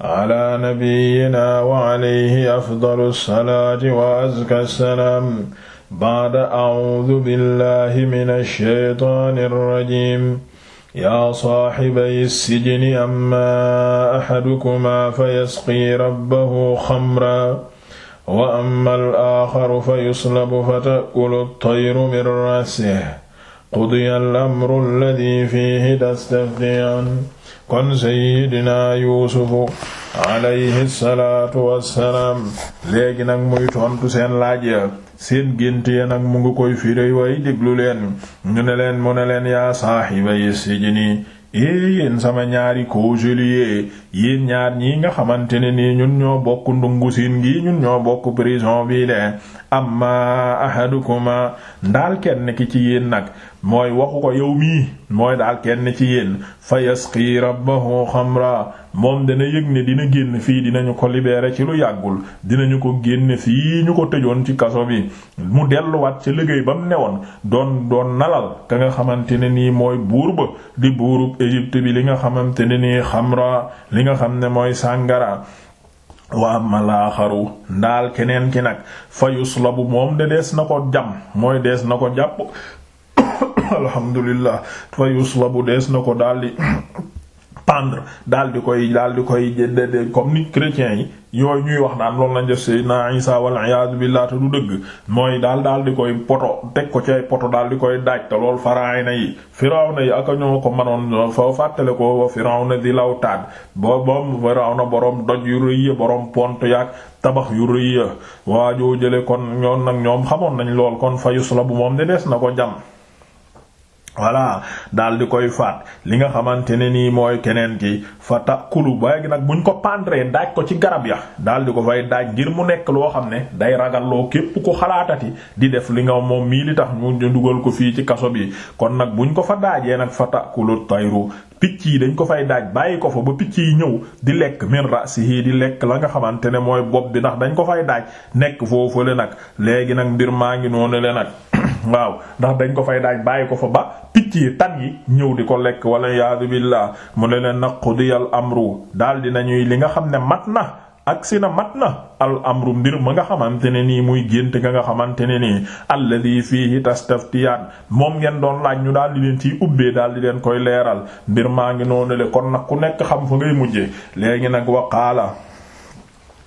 ala nabiyyina wa alayhi afdalu salaati wa azka salaam ba'da a'uudu billahi mina shaytaani rajiim yaa saaxibayi sijni amma axadukumaa fayasqii rabbahu xamra wa amma al-aaxaru fayuslabu fatakulu at-tayru min ra'sihi qudiya al-amru alladhi fihi tastaftiyan kon sayyidina yuusufu alayhi salaatu wassalaam léegi nag muy tontu seen laaj ya seen gént ya nag mu ngi koy firi way déglu leen ñu ne leen mu ne leen yaa saahibayi sijni yéen sama ñaari koo yéen ñaar ñii nga xamante ne nii ñun ñoo bokk ndungu siin gi ñun ñoo bokk prison bi de amma ahadukuma ndaal kenn ki ci yéen nag mooy waxu ko yow mii mooy daal kenn ci yéen fa yasqi rabbahu xamra moom dana yëg ne dina génn fii dinañu ko libérer ci lu yàggul dinañu ko génn fii ñu ko tëjoon ci kaso bi mu delluwaat ca liggéey ba mu newoon doon doon nalal ka nga xamante ne nii mooy buur ba di buurub Égypte bi li nga xamante ne nii xamra li nga xam ne mooy sàngara waa ma laaxaru ndaal keneen ki nag fa bu moom de dees na ko jam mooy dees na ko jàpp alhamdulillah fa yuslabu dees na ko daldi pendre daal di koy daal di koy comme nit chrétiens yi yooyu ñuy wax naan loolu lañ def Seydina Isa wal iyaadu billaah te du dëgg mooy daal daal di koy poto teg ko ci ay poto daal di koy daaj te loolu faraay na yi Firawna yi ak ñoo ko manoon foo fàttale ko Firawna di law taat boobam Firawna boroom doj yu rëy ya boroom pont yaak tabax yu rëy waa joo jële kon ñoon nag ñoom xamoon nañ lool kon fayus la bu moom de des na ko jam voilà daal di koy faat li nga xamante ne nii mooy keneen ki fa takulu baagi nag buñ ko pendree daaj ko ci garab ya daal di ko fay daaj ngir mu nekk loo xam ne day ragalloo képp ku xalaatati di def li nga moom mii li tax mu ñu dugal ko fii ci kaso bi kon nag buñ ko fa daajee nag fa takulu tayru picc yi dañ ko fay daaj bàyyi ko fa ba picc yi ñëw di lekk min rasihi di lekk la nga xamante ne mooy bopp bi ndax dañ ko fay daaj nekk foofule nag léegi nag mbir maa ngi noonu le waaw ndax dañ ko fay daaj bàyyi ko fa ba picc yi tan yi ñëw di ko lekk wala yaadu billah mu ne leen nag qudiyal amru daal di nañuy li nga xam ne mat na agsi na mat na al amru mbir ma nga xamante ne nii muy gént ga nga xamante ne nii fii fiihi tastaftiyaan moom ngeen doon laaj ñu daal di leen ciy ubbee daal di leen koy leeral mbir maa ngi noonu le kon nag ku nekk xam fa ngay mujjee léegi nag waqaala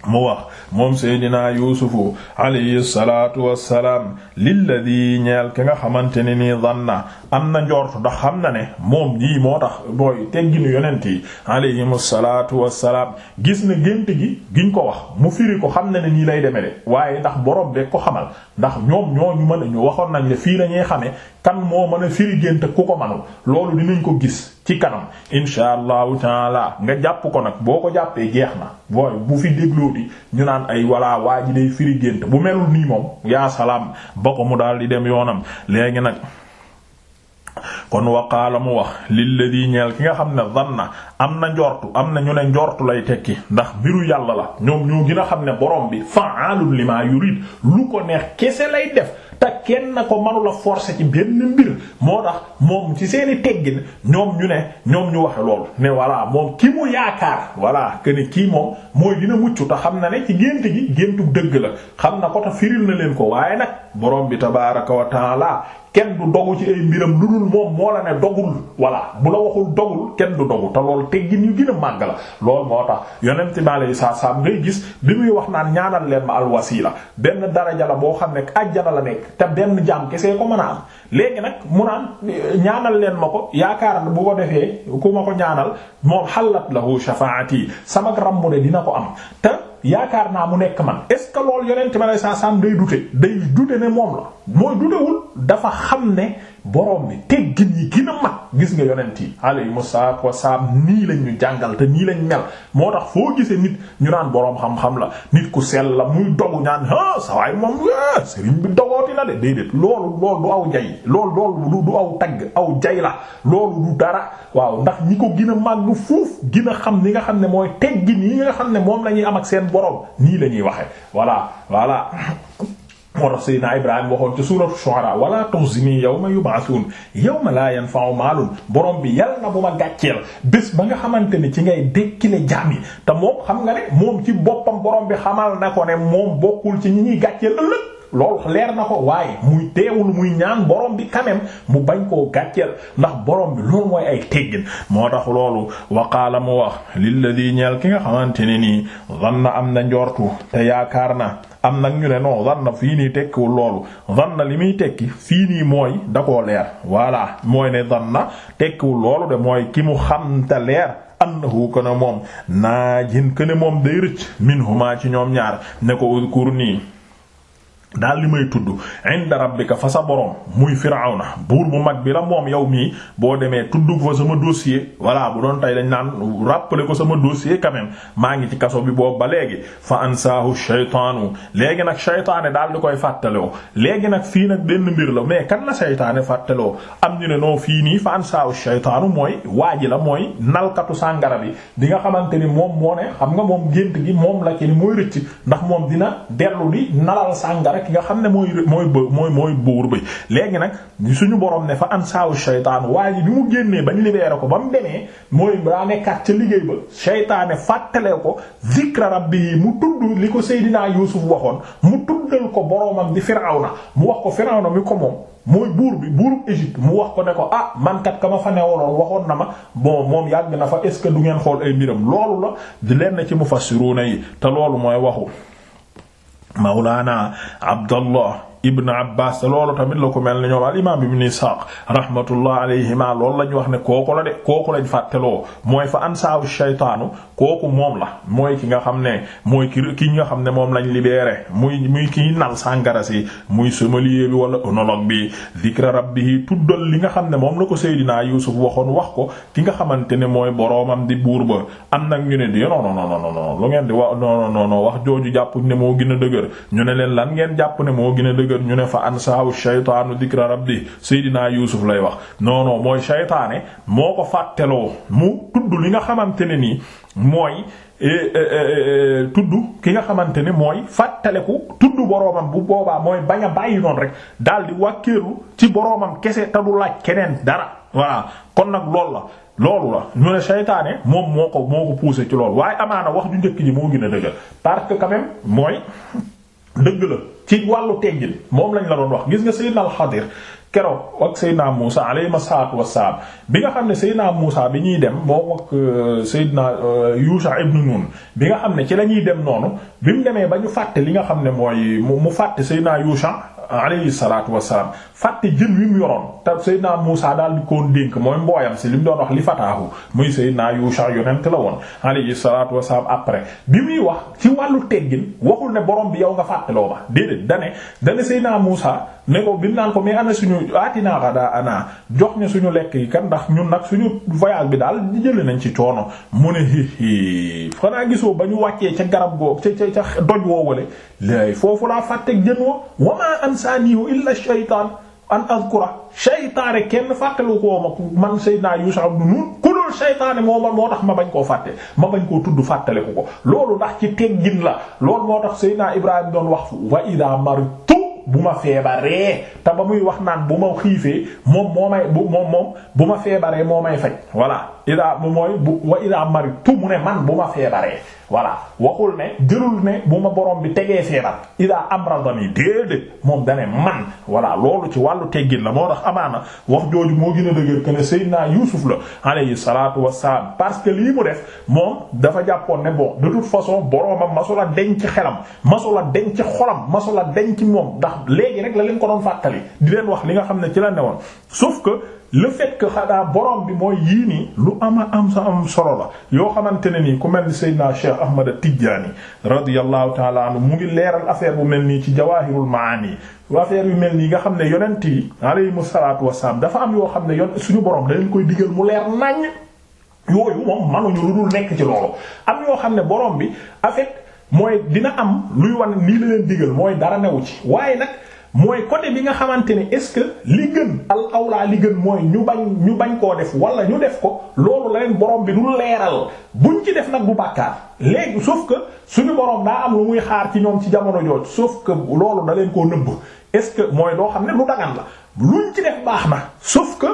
mu wax moom seydinaa yuusufu alayhi salaatu wassalaam lilladi ñeel ki nga xamante ne nii zanna am na njort ndax xam na ne moom jii moo tax booy tegginu yonent yi alayhimu salaatu wassalaam gis ne gént gi giñ ko wax mu firi ko xam na ne nii lay deme de waaye ndax borom de ko xamal ndax ñoom ñooñu mën a ñu waxoon nañ ne fii lañuy xame kan moo mën a firi gént ku ko manul loolu dinañ ko gis ci kanam insha allahu taala nga jàpp ko nag boo ko jàppee jeex na booy bu fi dégloo ñu naan ay walla waa ji day firi bu melul nii moom yaa salaam ba ko mu daal di dem yoonam léegi nag kon waqaala mu wax lilladi ñeel ki nga xam ne zanna am na njortu am na ñu ne njortu lay tekki ndax mbiru yàlla la ñoom ñoo gën a xam ne borom bi fa'aalun limaa yurid lu ko neex kese lay def te kenn ko manula forcer ci benn mbir moo tax moom ci seeni teggin ñoom ñu ne ñoom ñu waxe lool ne voilà moom kii mu yaakaar voilà que ne kii moom mooy dina mucc te xam na ne ci gént gi géntu dëgg la xam na ko te firil na leen ko waaye nag borom bi tabaaraka wa taala kenn du dogu ci ay mbiram lu dul moom moo la ne dogul voilà bu la waxul dogul kenn du dogu te loolu teggin yu gën a màgg la loolu moo tax yonent bi alayhi salaam ngay gis bi muy wax naan ñaanal leen ma alwasila benn daraja la boo xam ne ajjana la nekk te benn jaam kese ko mën a am mu naan ñaanal leen ma ko yaakaar bu ko defee ku ma ko ñaanal moom xalat lahu shafaati sama rambu de dina ko am te yaakaar naa mu nekk man est ce que loolu yonent ma lay saa saam day dute day dute ne moom la mooy dutewul dafa xam ne borom bi teggin yi gina a mat gis nga yonent yi alayhimu salaatu wasalaam nii lañ ñu jàngal te nii mel moo tax foo gisee nit ñu naan la nit ku la muy dogu ñaan ah sa waay moom sëriñ bi loolu loolu du aw jay aw tagg aw dara waaw ndax ñi ko gën a màgg fuuf gën xam ni nga xam ne mooy teggin yi nga xam ne moom lañuy am ak seen seen borom nii la ñuy waxee voilà voilà. moo tax Seydina Ibrahima waxoon ci suuratu Shu'ara wala tukhzini yawma yub'athun yawma la yanfa'u maalun borom bi yal na bu ma gàcceel bés ba nga xamante ni ci ngay dekkile jaam yi te moo xam nga ne moom ci boppam borom bi xamal na ko ne moom bokkul ci ñi ñuy gàcceel ëllëg. loolu leer na ko waaye muy teewul muy ñaan borom bi quand mu bañ koo gàcceel ndax borom bi loolu mooy ay teggin moo tax loolu waqaala mu wax lilladi ñeel ki nga xamante ne nii na am na njortu te yaakaar na am nag ñu ne non zanna fii nii tekkiwul loolu na li muy tekki fii nii mooy da koo leer voilà mooy ne na tekkiwul loolu de mooy ki mu xam te leer ko kana moom naajin kana moom day rëcc minhuma ci ñoom ñaar ne ko kur nii daal li may tudd inda rabbika fa sa borom muy firawna buur bu mag bi la moom yow mii boo demee tudd ko sama dossier voilà bu doon tey dañ naan rappeler ko sama dossier quand maa ngi ci kaso bi boobu ba léegi fa ansaahu shaytaanu léegi nag shaytaane daal di koy fàttaloo léegi nag fii nag benn mbir la mais kan la shaytaane fàttaloo am ñu noo fii nii fa ansaahu shaytaanu mooy waa ji la mooy nalkatu sàngara bi di nga xamante ni moom moo ne xam nga moom gént gi moom la ci ni mooy rëcc ndax moom dina dellu di nalal sàngara mooy ki nga xam ne mooy mooy mooy mooy buur bi léegi nag suñu borom ne fa ansaawu shaytaan waa ji bi mu génnee bañ libéré ko ba mu demee mooy daa nekkaat ca liggéey ba shaytaane fàttale ko zikra bi yi mu tudd li ko Seydina Yuusuf waxoon mu tuddal ko boromam di Firawna mu wax ko Firawna mi ko moom mooy buur bi buurum Égypte mu wax ko ne ko ah man kat ka ma fa newaloon waxoon na ma bon moom yàgg na fa est ce que du ngeen xool ay mbiram loolu la di leen ci mufassiruna yi te loolu mooy waxu mawlaana abdallah ibn abbas loolu tamit la ko mel ni ñoom al imam ibn ishaq rahmatullah alayhima loolu lañ wax ne kooku la de kooku lañ fàtteloo mooy fa ansaawu shaytaanu kooku moom la mooy ki nga xam ne mooy ki ki nga xam ne moom lañ libéré muy muy ki nal sàngara si muy sommelier bi wala onologue bi zikra rabbihi tuddal li nga xam ne moom la ko seydinaa yusuf waxoon wax ko ki nga xamante ne mooy boroomam di buur ba am nag ñu ne di non non non non lu ngeen di wax non non non wax a a jot ñu ne fa ansaahu shaytaanu dikra rabbi seydinaa yuusuf lay wax non non mooy shaytaane moo ko fàtteloo mu tudd li nga xamante ne nii mooy eh, eh, eh, tudd ki nga xamante ne mooy fàttaleku tudd boroomam bu boobaa mooy bañ bàyyi noonu rek daal di wàkkeeru ci boroomam kese te du laaj keneen dara voilà kon nag loolu la loolu la ñu ne seytaane moom moo ko moo ko poussé ci loolu waaye amaana wax ju njëkk ji moo gën a dëgg parce que mooy dëgg la ci wàllu teggin moom lañ la doon wax gis nga Seydina Al-Xadir keroog ak Seydina Muusa ma salaatu wassalaam bi nga xam ne Seydina Muusa bi ñuy dem moom ak euh, Seydina euh, Yuusa ibnu Nun bi nga xam ne ci la ñuy dem noonu bi mu demee ba ñu fàtte li nga xam ne mooy mu fàtte Seydina Yuusa alayhi salaatu wassalaam fàtte jën wi mu yoroon te Seydina Muusa daal di koon dénk mooy mbooyam si li mu doon wax li fataahu muy Seydina Yuusha yonent la woon alayhi salaatu wassalaam après bi muy wax ci wàllu teggin waxul ne borom bi yow nga fàttaloo ba déedéet dane dane Seydina Muusa ne ko bi mu naan ko mais ana suñu aatinaa ghadaa anaa jox ne suñu lekk yi kan ndax ñun nag suñu voyage bi daal jële nañ ci coono mu ne hihi xanaa gisoo ba ñu wàccee ca garab goo ca ca ca doj woo ansaanihu illa shaytaan an azkura shaytaane kenn fàttaliku ko ma man Seydina Yuusuf ibn Nun ku dul shaytaane moo man moo tax ma bañ koo fàtte ma bañ koo tudd fàttaliku ko loolu ndax ci teggin la loolu moo tax Seydina Ibrahim doon wax wa idaa maritu bu ma feebaree te ba muy wax naan bu ma xiifee moom moo may bu moom moom bu ma feebaree moo may faj voilà ida mu mooy bu wa ida maritu mu ne man bu ma feebaree voilà waxul ne jërul ne bu ma boroom bi tegee feebar ida amradani déedéet moom dane man voilà loolu ci wàllu teggin la moo tax amaana wax jooju moo gën a dëgër que ne Seydina Yuusuf la alayhi salaatu wassalaam parce que lii mu def moom dafa jàppoon ne boo de toute façon boroomam masula denc xelam masula denc xolam masula ci moom ndax léegi rek la leen ko doon fàttali di leen wax li nga xam ne ci la newoon le fekk que xanaa borom bi mooy yii nii lu ama am sa am solo la yoo xamante ne nii ku mel ni Seydina Cheikh Ahmad Tidjani radiyallahu taala anhu mu ngi leeral affaire bu mel nii ci Jawahirul Maani affaire yu mel nii nga xam ne yonent yi alayhimu salaatu wassalaam dafa am yoo xam ne yon suñu borom da leen koy digal mu leer naññ yooyu moom manuñu lu dul nekk ci loolu am yoo xam ne borom bi en fait mooy dina am luy wan nii la leen digal mooy dara newu ci waaye nag. mooy côté bi nga xamante ne est-ce que li gën al awlaa li gën mooy ñu bañ ñu bañ koo def wala ñu def ko loolu la leen borom bi du leeral buñ ci def nag bu bàkkaar léegi suuf que suñu borom daa am lu muy xaar ci ñoom ci jamono jooju sauf que loolu da leen koo nëbb est-ce que mooy loo xam ne lu dagan la luñ ci def baax na suuf que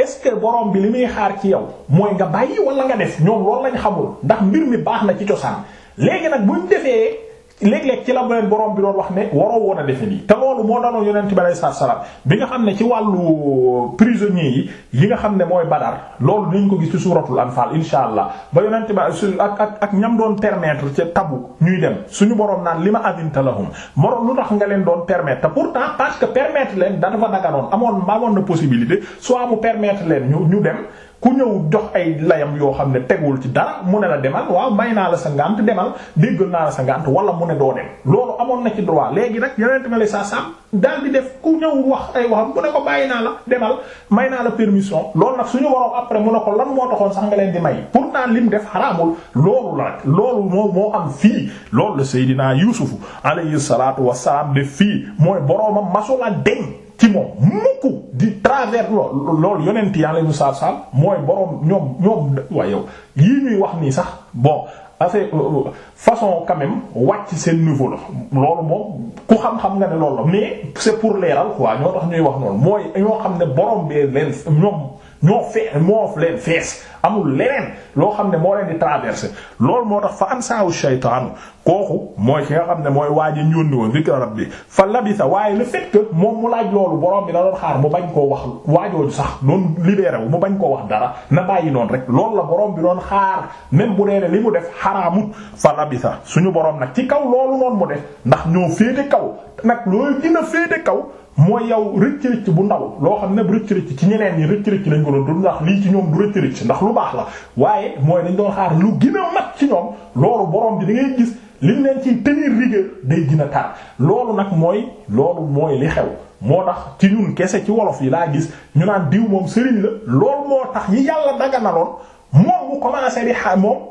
est-ce que borom bi li muy xaar ci yow mooy nga bàyyi wala nga def ñoom loolu lañ xamul ndax mbir mi baax na ci cosaan léegi nag buñ defee. léeg-léeg ci la leen borom bi doon wax ne waroo woon a defe nii te loolu moo danoon yonent bi alayhi salaam bi nga xam ne ci wàllu prisonniers yi yi nga xam ne mooy Badar loolu dinañ ko gis ci suuratul Anfaal insha allah ba yonent bi ak ak ak ñam doon permettre ca tabu ñuy dem suñu borom naan li ma adinta lahum moroom lu tax nga leen doon permettre te pourtant parce que permettre leen dafa daganoon amoon amoon na possibilité soo mu permetre leen ñu ñu dem. ku ñëw jox ay layam yoo xam ne tegul ci dara mu ne la demal waaw may naa la sa ngànt demal déggal naa la sa ngànt wala mu ne doo dem loolu amoon na ci droit léegi nag yonent ma la sa sam daal di def ku ñëw wax ay waxam mu ne ko bàyyi naa la demal may naa la permission loolu nag suñu waroon mu ne ko lan moo taxoon sax nga leen di may pourtant lim def xaraamul loolu la rek loolu moo moo am fii loolu la Seydina Yuusufu alayhi salaatu wassalaam def fii mooy boroomam masula deñ ci moom mukk di travers lool loolu yonent yàlla mu saab saab mooy boroom ñoom ñoom waaye yow yii ñuy wax nii sax bon affaire euh, euh, façon quand même wàcc seen niveau la loolu moom ku xam-xam nga ne loolu la mais c'est pour leeral quoi ñoo tax ñuy wax noonu mooy ñoo xam ne boroom bee leen ñoom ñoo fee moo leen fees amul leneen loo xam ne moo leen di traversé loolu moo tax fa ansaahu shaytaanu kooku mooy ki nga xam ne mooy waaj a ñónni woon dikra rabbi fa labisa waaye le fait que moom mu laaj loolu borom bi la doon xaar mu bañ koo wax waajooju sax doon libéré wu mu bañ koo wax dara na bàyyi noonu rek lool la boroom bi doon xaar même bu dee ne li mu def xaraamut fa labisa suñu borom nag ci kaw loolu noonu mu def ndax ñoo féete kaw nag looy dina féete kaw. mooy yow rëcc-rëcc bu ndaw loo xam ne rëcc-rëcc ci ñeneen ñi rëcc-rëcc lañ ko doon dund ndax lii ci ñoom du rëcc-rëcc ndax lu baax la waaye mooy dañ doon xaar lu gën a mat ci ñoom loolu borom bi da ngay gis li leen ciy tenir rigueur day gën a tar loolu nag mooy loolu mooy li xew moo tax ci ñun kese ci wolof yi laa gis ñu naan diw moom sëriñ la loolu moo tax yi yàlla daganaloon moom mu commencé di xaar moom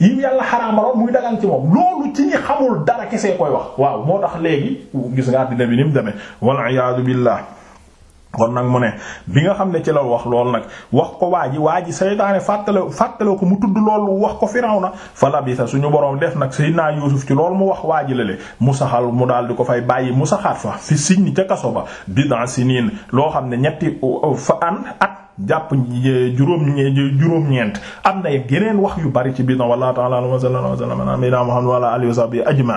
yi yàlla xaraamaloon muy dagan ci moom loolu ci ñi xamul dara kese koy wax waaw moo tax léegi gis nga àddina bi ni mu demee wal iyaadu billah kon nag mu ne bi nga xam ne ci la wax lool nag wax ko waa ji waa ji saytaane fàttale fàttale ko mu tudd loolu wax ko Firawna fa labisa suñu boroom def nag Seydina Yuusuf ci loolu mu wax waa ji la le mu saxal mu daal di ko fay bàyyi mu saxaat fa fi signi ca kaso ba bid'a sinin loo xam ne ñetti fa an at jàpp eh, juróom eh, juróom-ñeent am na yeneen wax yu bari ci biir na wallahu ta'ala wa sallallahu alayhi wa sallam ala nabiyyina muhammad wa